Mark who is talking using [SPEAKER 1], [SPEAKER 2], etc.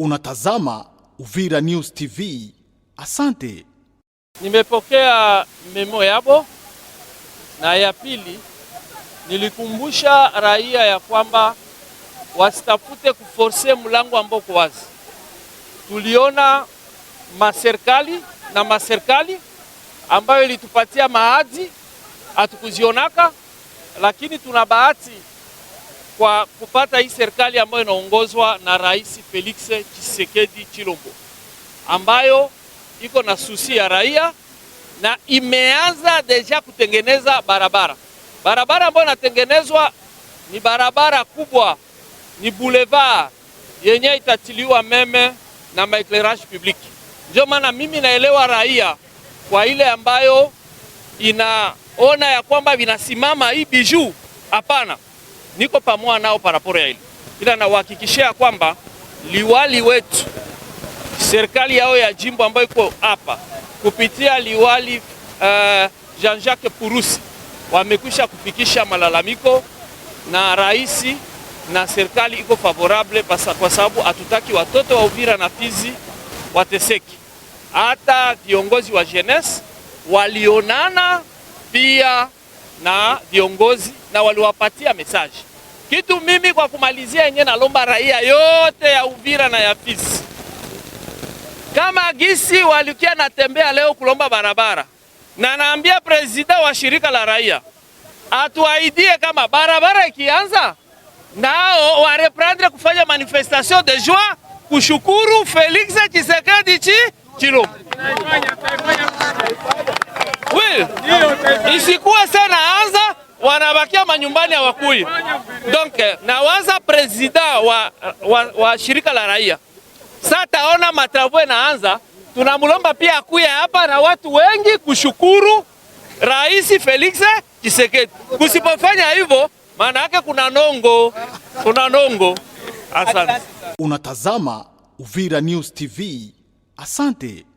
[SPEAKER 1] Unatazama Uvira News TV. Asante.
[SPEAKER 2] Nimepokea memo yabo na ya pili, nilikumbusha raia ya kwamba wasitafute kuforse mlango ambao uko wazi. Tuliona maserikali na maserikali ambayo ilitupatia maadi hatukuzionaka, lakini tuna bahati kwa kupata hii serikali ambayo inaongozwa na Rais Felix Tshisekedi Chilombo ambayo iko na susi ya raia na imeanza deja kutengeneza barabara. Barabara ambayo inatengenezwa ni barabara kubwa, ni boulevard yenye itatiliwa meme na maeclairage public. Ndio maana mimi naelewa raia kwa ile ambayo inaona ya kwamba vinasimama hii bijou, hapana niko pamoja nao paraporo ya hili, ila nawahakikishia kwamba liwali wetu serikali yao ya jimbo ambayo iko hapa kupitia liwali uh, Jean-Jacques Purusi wamekwisha kufikisha malalamiko na rais na serikali iko favorable basa, kwa sababu hatutaki watoto wa Uvira na Fizi wateseki. Hata viongozi wa jeunesse walionana pia na viongozi na waliwapatia mesaji kitu mimi kwa kumalizia yenyewe nalomba raia yote ya Uvira na ya Fizi, kama gisi walikia natembea leo kulomba barabara, na naambia prezida wa shirika la raia atuaidie kama barabara ikianza nao wareprendre kufanya manifestation de joie kushukuru Felix Tshisekedi chi Chilombo. Well, isikuwe sana wanabakia manyumbani hawakui. Donc nawaza presida wa, wa, wa shirika la raia sasa taona matravo naanza, tunamlomba pia akuya hapa na watu wengi kushukuru Rais Felix Tshisekedi. Kusipofanya hivyo, maana yake kuna nongo, kuna nongo. Asante.
[SPEAKER 1] Unatazama Uvira News TV. Asante.